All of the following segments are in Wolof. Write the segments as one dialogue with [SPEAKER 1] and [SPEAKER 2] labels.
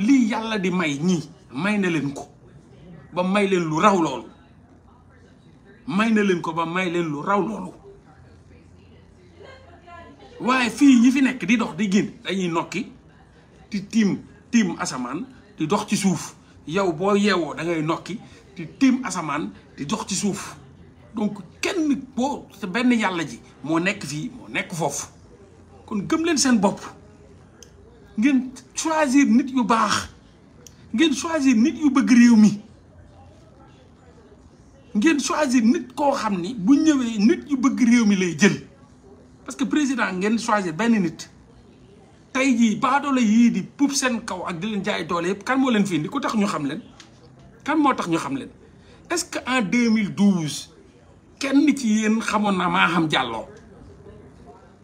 [SPEAKER 1] lii yàlla di may ñii may na leen ko ba may leen lu raw loolu may na leen ko ba may leen lu raw loolu waaye fii ñi fi nekk di dox di génn dañuy nokki di tiim tiim asamaan di dox ci suuf yow boo yewoo dangay ngay nokki di tiim asamaan di dox ci suuf donc kenn boo benn yàlla ji moo nekk fii moo nekk foofu kon gëm leen seen bopp ngeen choisir nit yu baax ngeen choisir nit yu bëgg réew mi ngeen choisir nit koo xam ni bu ñëwee nit yu bëgg réew mi lay jël parce que président ngeen choisir benn nit tey jii baadoole yii di puub seen kaw ak di leen jaay doole yëpp kan moo leen fii indi ku tax ñu xam leen kan moo tax ñu xam leen est-ce que en 2012 kenn ci yéen xamoon na maa xam jàlloo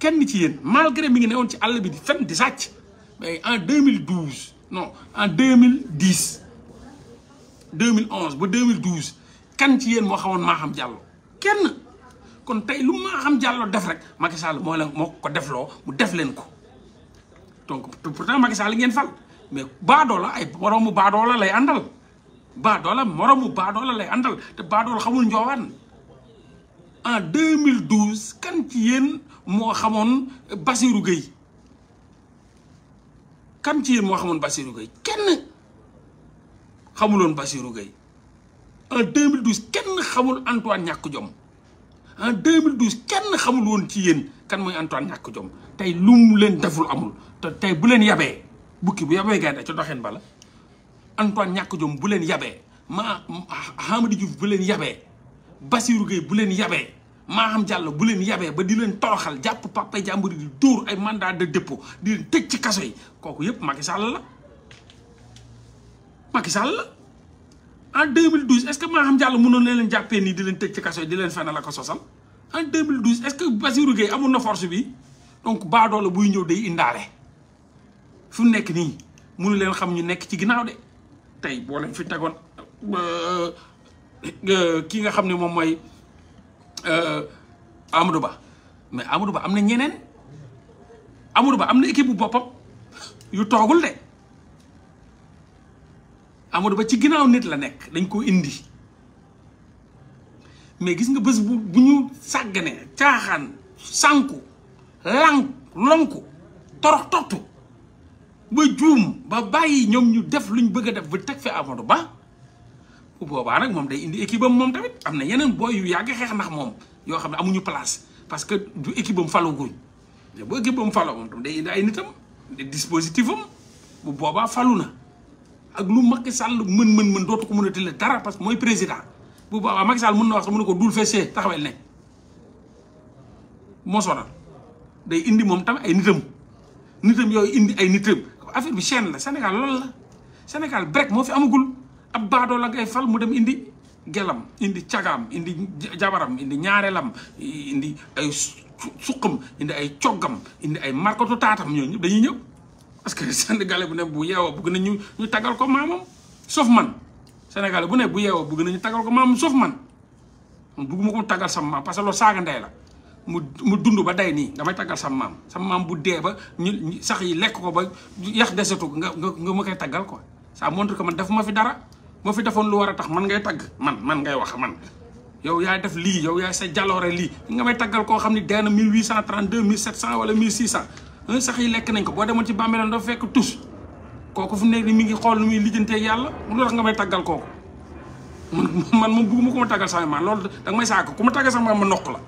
[SPEAKER 1] kenn ci yéen malgré mi ngi newoon ci àll bi di fen di sàcc. mais en mille 2012 non en 2010 2011 ba 2012 kan ci yéen moo xamoon Maham Diallo kenn kon tey lu Maham Diallo def rek Macky Sall moo leen moo ko defloo mu def leen ko donc pourtant Macky li ngeen fal mais baadoola ay moroomu baadoola lay àndal baadoola moroomu baadoola lay àndal te baadool xamul njoowaan en 2012 kan ci yéen moo xamoon Basirou Gueye kan ci yéen moo xamoon Bassirou Gueye kenn xamuloon Bassirou Gueye en 2012 kenn xamul Antoine ñàkk jom en 2012 kenn xamul woon ci yéen kan mooy Antoine ñàkk jom tey lu leen deful amul te tey bu leen yabee bukki bu yabee gaynde ca doxeen bala Antoine ñàkk jom bu leen yabee ma Hamadi Diouf bu leen yabee Bassirou Gueye bu leen yabee Maham Diallo bu leen yabee ba di leen toroxal jàpp papa jàmbur di dóor ay mandat de dépôt di leen tëj ci kaso yi kooku yëpp Macky Sall la Macky Sall la en 2012 est-ce que Maham Diallo mënoon na leen jàppee nii di leen tëj ci kaso yi di leen fenal la ko sosal en 2012 est-ce que Bassirou Gueye amoon na force bi donc baadoola buy ñëw day indaale fu nekk nii mënu leen xam ñu nekk ci ginnaaw de tey boo leen fi tegoon euh, euh, ki nga xam ne moom mooy. Euh, Amadou Ba mais Amadou Ba am na ñeneen Amadou Ba am na équipe bu boppam yu toogul de Amadou Ba ci ginnaaw nit la nekk dañ koo indi mais gis nga bës bu bu ñu sàgganee caaxaan sànku lank lonku torox tortu ba juum ba bàyyi ñoom ñu def luñ bëgg a def ba teg fi Amadou Ba bu boobaa nag moom day indi équipe am moom tamit am na yeneen booy yu yàgg xeex ndax moom yoo xam ne amuñu place parce que du équipe am faloo guñ bu équipe am faloo tam day indi ay nitam di dispositif am bu boobaa falu na ak lu Macky Sall mën mën mën dootu ko mën a tële dara parce que mooy président bu boobaa Macky Sall mën na wax sax mën na ko dul fessee taxawel ne moo day indi moom tam ay nitam nitam yooyu indi ay nitam affaire bi chaîne la Sénégal loolu la Sénégal break moo fi amagul. ab baadoo la ngay fal mu dem indi gelam indi cagaam indi jabaram indi ñaareelam indi ay suqam indi ay coggam indi ay markatu taatam ñooñu ñëpp dañuy ñëw parce que sénégalais bu ne bu yeewoo bëgg na ñu ñu tagal ko maamam sauf man sénégalais bu ne bu yeewoo bëgg na ñu ko maamam sauf man bëgguma ko tagal sama maam parce que loolu saaga ndey la mu mu dund ba dey nii damay taggal sama maam sama maam bu dee ba ñu sax yi lekk ko ba yax desetu nga nga nga ma koy taggal quoi ça montre que man defuma fi dara moo fi defoon lu war a tax man ngay tagg man man ngay wax man yow yaay def lii yow yaay sa jaloore lii nga may taggal koo xam ni dee na 1832 1700 wala 1600 un sax yi lekk nañ ko boo demoon ci bàmmeelam dafa fekk tus kooku fu ni mi ngi xool nu muy lijjantee yàlla lu nga may taggal kooku man man moom bëgguma ko ma taggal sama maam loolu danga may saako ku ma taggal sama maam ma noq la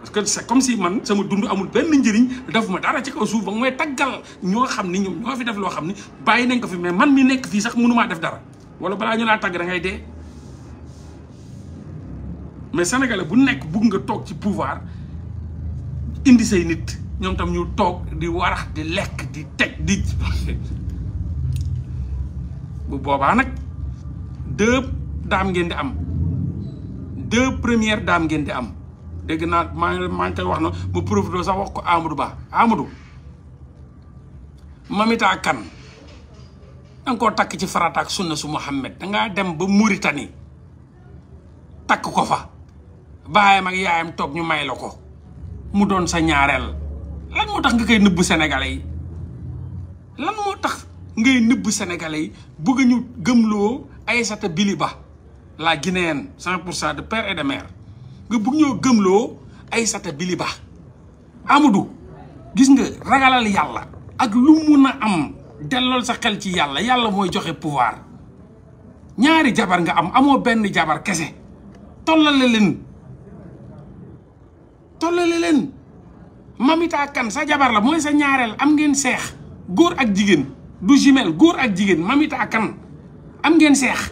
[SPEAKER 1] parce que comme si man sama dund amul benn njëriñ def ma dara ci kaw suuf ba nga may taggal ñoo xam ni ñoom ñoo fi def loo xam ni bàyyi nañ ko fi mais man mi nekk fii sax mënumaa def dara wala balaa ñu laa tagg da ngay dee mais sénégalais bu nekk bugg nga toog ci pouvoir indi say nit ñoom tam ñu toog di warax di lekk di teg di bu boobaa nag deux dames ngeen di am deux premières dames ngeen di am dégg naa maa ngi maa ngi koy wax na mu profité sax wax ko Amadou Ba Amadou Mamita Kane danga koo takk ci farataak sunna su Muhammad dangaa dem ba Mauritanie takk ko fa baayam ak yaayam toog ñu may ko mu doon sa ñaareel lan moo tax nga koy nëbbu sénégalais yi lan moo tax ngay nëbbu sénégalais yi bëgg ñu gëmloo Aïssata Biliba la guinéenne cent pour cent de père et de mère nga bugg ñoo gëmloo ay Aïssata Biliba Amadou gis nga ragalal yàlla ak lu mun a am dellool sa xel ci yàlla yàlla mooy joxe pouvoir ñaari jabar nga am amoo benn jabar kese tollale leen tollale leen mamita kan sa jabar la mooy sa ñaareel am ngeen seex góor ak jigéen du jumelle góor ak jigéen mamita kan am ngeen seex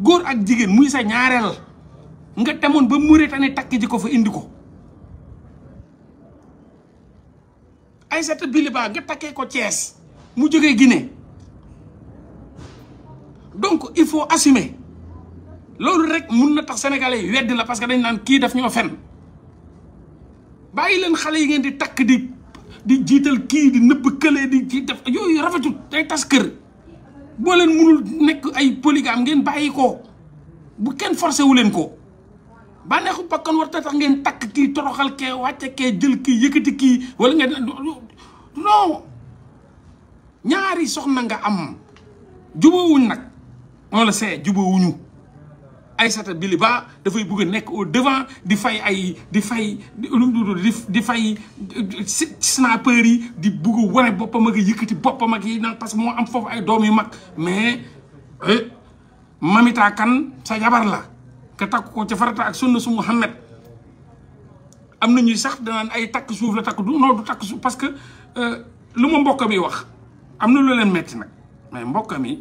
[SPEAKER 1] góor ak jigéen muy sa ñaareel nga temoon ba Mauritanie takk ji ko fa indi ko Aïssata Biliba nga takkee ko Thiès mu jógee gine donc il faut assumé loolu rek mun na tax sénégalais yi weddi la parce que dañ naan kii daf ñoo fen bàyyi leen xale yi ngeen di takk di di jiital kii di nëbb kële di ci def yooyu rafetul day tas kër boo leen munul nekk ay polygame ngeen bàyyi ko bu kenn forcé wu leen ko bànneexu bakkan war tax ngeen takk kii toroxal kee wàcce kee jël kii yëkkati kii wala ngeen non ñaari soxna nga am jubóowuñ nag on le sait jubóowuñu Aïssata Bili Ba dafay bëgg nekk au devant di fay ay di fay di di fay snapper yi di bugg a wane boppam ak yëkkati boppam ak yi naan parce que moo am foofu ay doom yu mag mais eh, mamita kan sa jabar la ka takk ko ci farata ak sunna su Muhammad am na ñuy sax danaan ay takk suuf la takk du non du takk suuf parce que euh, lu ma mbokk bi wax am na lu leen metti nag mais mbokkam yi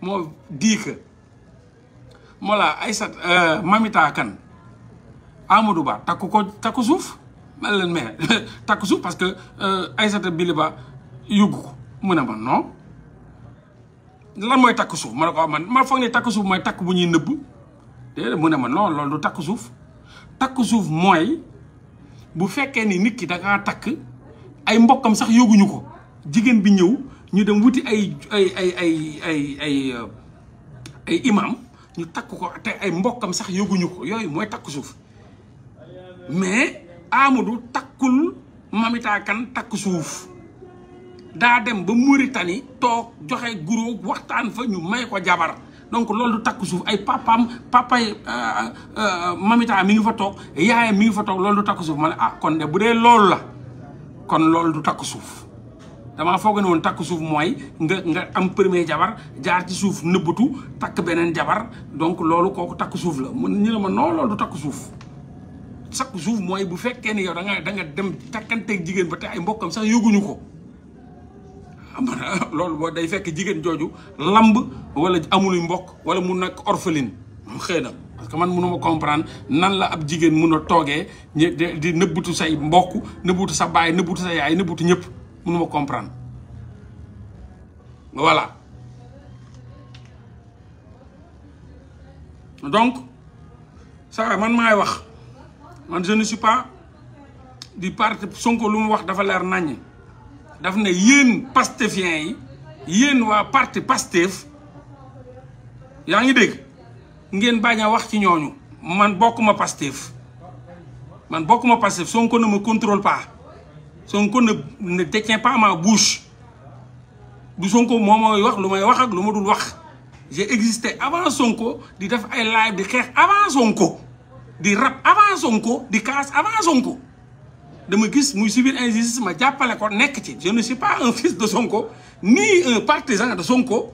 [SPEAKER 1] moo di que ay Aïssata euh, Mamita Kane Amadou Ba takku ko takku suuf man leen mais takku suuf parce que euh, ay Bili Ba yóbbu ko mu ne ma non lan mooy takku suuf ma ne ko man ma ñuy nëbb mu ne ma non lool du takku suuf takku suuf mooy bu fekkee ni nit ki da ngaa takk ay mbokkam sax yóbbuñu ko. jigéen bi ñëw ñu dem wuti ay ay ay ay ay ay euh, ay ñu takk ko te ay mbokkam sax yoguñu ko yooyu mooy takk suuf mais Amadou takkul Mamita Kane takk suuf daa dem ba Mauritanie toog joxe guro waxtaan fa ñu may ko jabar donc loolu du takk suuf ay papaam papay euh, euh, Mamita mi ngi fa toog yaayam mi ngi fa toog loolu du takk suuf ma ne ah kon de bu dee loolu la kon loolu du takk suuf damaa foog ne woon takk suuf mooy nga nga am premier jabar jaar ci suuf nëbbatu takk beneen jabar donc loolu kooku takk suuf la mun ñu ne ma non loolu du takk suuf. takk suuf mooy bu fekkee ne yow da nga da nga dem takkanteeg jigéen ba te ay mbokkam sax yëguñu ko. am loolu boo day fekk jigéen jooju lamb wala amul mbokk wala mu nag orpheline xëy na parce que man mënuma comprendre nan la ab jigéen mun a toogee di nëbbutu say mbokk nëbbutu sa baay nëbbutu sa yaay nëbbutu ñëpp. mënuma comprendre voilà donc ça man maay wax man je ne suis pas parti Sonko lu mu wax dafa leer naññ daf ne yéen pastefiens yi yéen waa parti pastef yaa ngi dégg ngeen bañ a wax ci ñooñu man bokkuma pastef man bokkuma pastef Sonko ne me contrôle pas Sonko ne ne détient pas ma bouche du Sonko moo mooy wax lu may wax ak lu ma dul wax j'ai existe avant Sonko di def ay live di xeex avant Sonko di rap avant Sonko di casse avant Sonko dama gis muy subir injustice ma jàppale ko nekk ci je ne suis pas un fils de Sonko ni un partisan de Sonko